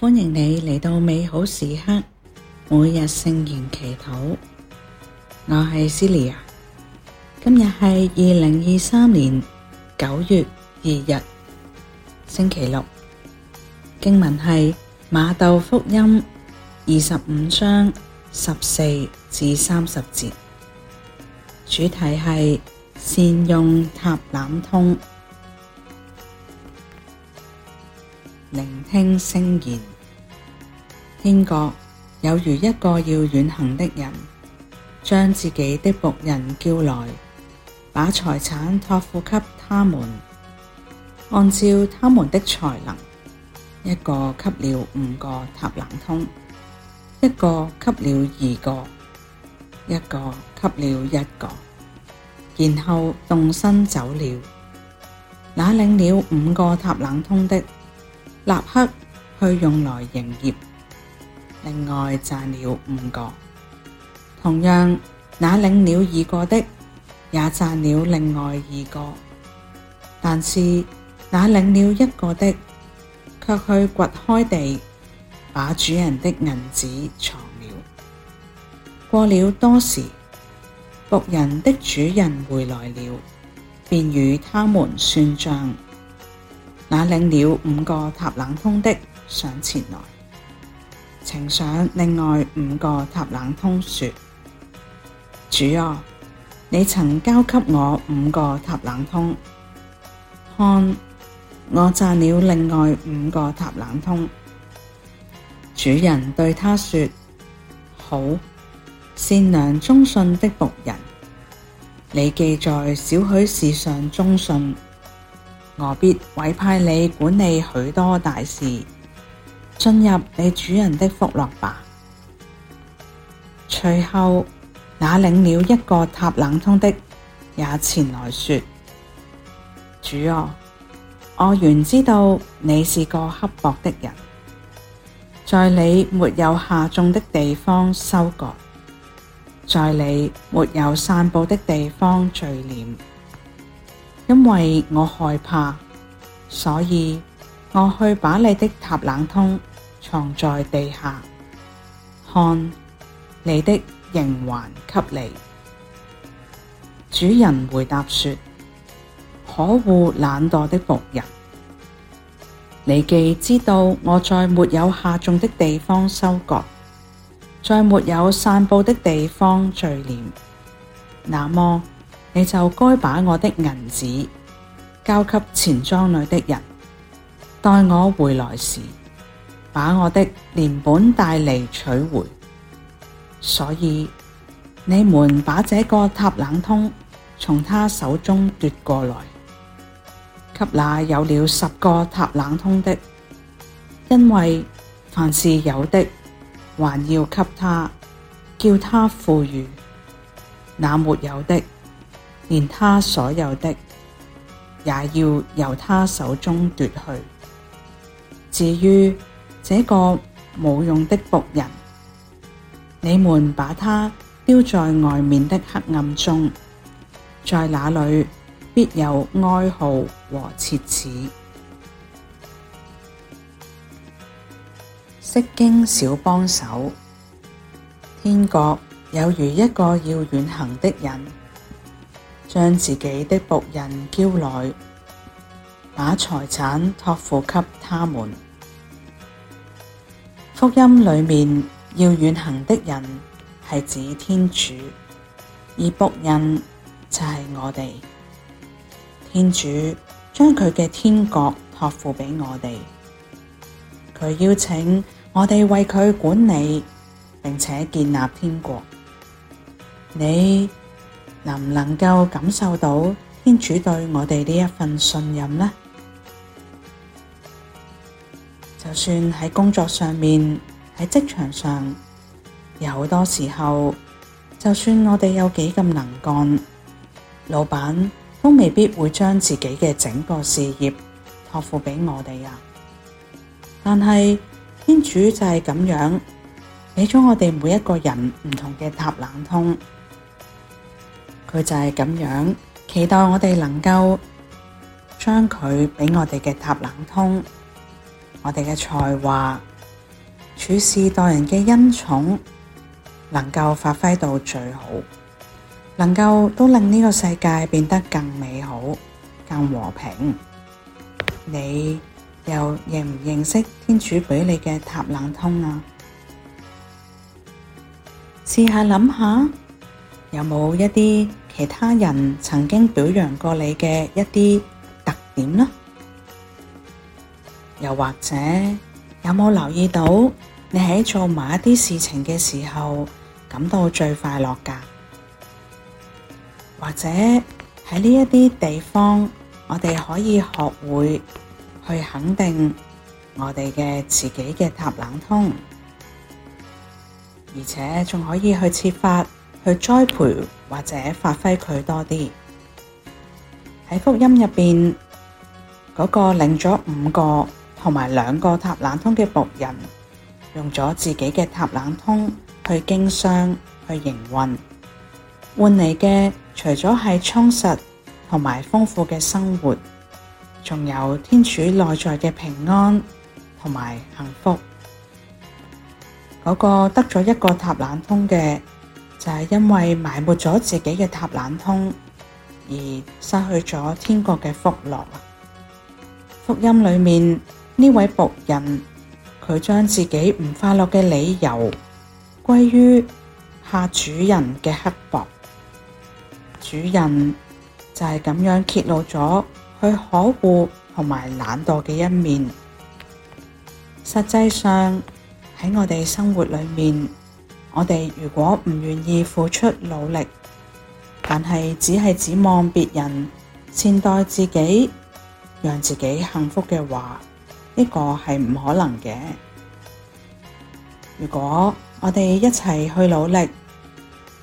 歡迎你嚟到美好時刻，每日聖言祈禱。我係 Siri 呀，今日係二零二三年九月二日，星期六。經文係馬竇福音二十五章十四至三十節，主題係善用塔冷通。聆聽聖言，天國又如一個要遠行的人，將自己的僕人叫來，把財產託付給他們，按照他們的才能，一個給了五個塔冷通，一個給了二個，一個給了一個，然後動身走了。那領了五個塔冷通的，立刻去用來營業，另外賺了五個。同樣，那領了二個的，也賺了另外二個。但是，那領了一個的，卻去掘開地，把主人的銀子藏了。過了多時，僕人的主人回來了，便與他們算賬。那領了五個塔冷通的上前來，呈上另外五個塔冷通說：主啊，你曾交給我五個塔冷通，看，我賺了另外五個塔冷通。主人對他說：好，善良忠信的僕人，你既在少許事上忠信。我必委派你管理許多大事，進入你主人的福樂吧。隨後，那領了一個塔冷通的也前來說：主啊，我原知道你是個刻薄的人，在你沒有下種的地方收割，在你沒有散布的地方聚斂。因為我害怕，所以我去把你的塔冷通藏在地下。看，你的仍還給你。主人回答說：可惡懶惰的僕人，你既知道我在沒有下種的地方收割，在沒有散布的地方聚斂，那麼。你就該把我的銀子交給錢莊裡的人，待我回來時，把我的連本帶利取回。所以你們把這個塔冷通從他手中奪過來，給那有了十個塔冷通的，因為凡是有的，還要給他，叫他富裕；那沒有的，連他所有的也要由他手中奪去。至於這個無用的僕人，你們把他丟在外面的黑暗中，在那裡必有哀號和切齒。釋經小幫手，天國有如一個要遠行的人。將自己的僕人叫來，把財產託付給他們。福音裏面要遠行的人，係指天主，而僕人就係我哋。天主將佢嘅天國託付俾我哋，佢邀請我哋為佢管理，並且建立天國。你能唔能夠感受到天主對我哋呢一份信任呢？就算喺工作上面，喺職場上，有好多時候，就算我哋有幾咁能幹，老闆都未必會將自己嘅整個事業託付俾我哋啊！但係天主就係咁樣，俾咗我哋每一個人唔同嘅塔冷通。佢就係咁樣，期待我哋能夠將佢畀我哋嘅塔冷通，我哋嘅才華、處事待人嘅恩寵，能夠發揮到最好，能夠都令呢個世界變得更美好、更和平。你又認唔認識天主畀你嘅塔冷通啊？試下諗下，有冇一啲？其他人曾經表揚過你嘅一啲特點呢，又或者有冇留意到你喺做某一啲事情嘅時候感到最快樂㗎？或者喺呢一啲地方，我哋可以學會去肯定我哋嘅自己嘅塔冷通，而且仲可以去設法。去栽培或者發揮佢多啲。喺福音入邊嗰個領咗五個同埋兩個塔冷通嘅僕人，用咗自己嘅塔冷通去經商去營運，換嚟嘅除咗係充實同埋豐富嘅生活，仲有天主內在嘅平安同埋幸福。嗰、嗰個得咗一個塔冷通嘅。就係因為埋沒咗自己嘅塔冷通，而失去咗天國嘅福樂。福音裏面呢位僕人，佢將自己唔快樂嘅理由歸於下主人嘅刻薄，主人就係咁樣揭露咗佢可惡同埋懶惰嘅一面。實際上喺我哋生活裏面，我哋如果唔願意付出努力，但係只係指望別人善待自己，讓自己幸福嘅話，呢個係唔可能嘅。如果我哋一齊去努力，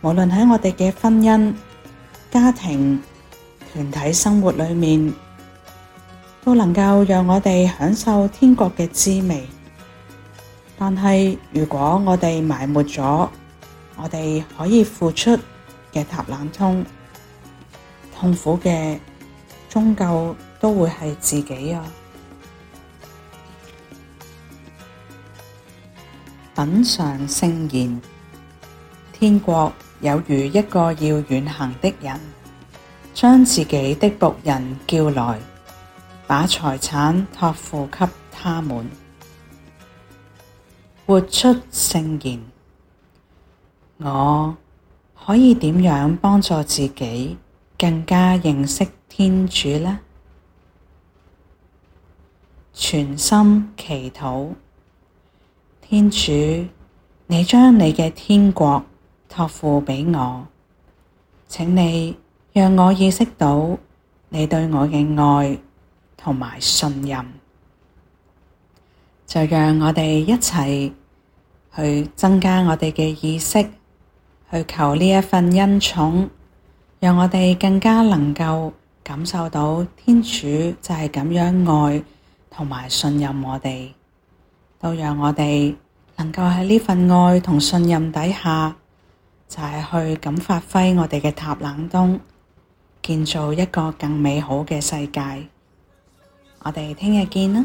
無論喺我哋嘅婚姻、家庭、團體生活裏面，都能夠讓我哋享受天國嘅滋味。但係，如果我哋埋沒咗，我哋可以付出嘅塔冷通，痛苦嘅，終究都會係自己啊！品嚐聖言，天國有如一個要遠行的人，將自己的僕人叫來，把財產託付給他們。活出聖言，我可以點樣幫助自己更加認識天主呢？全心祈禱，天主，你將你嘅天國託付畀我，請你讓我意識到你對我嘅愛同埋信任，就讓我哋一齊。去增加我哋嘅意識，去求呢一份恩寵，讓我哋更加能夠感受到天主就係咁樣愛同埋信任我哋，都讓我哋能夠喺呢份愛同信任底下，就係去咁發揮我哋嘅塔冷通，建造一個更美好嘅世界。我哋聽日見啦！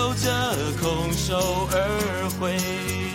留着空手而回。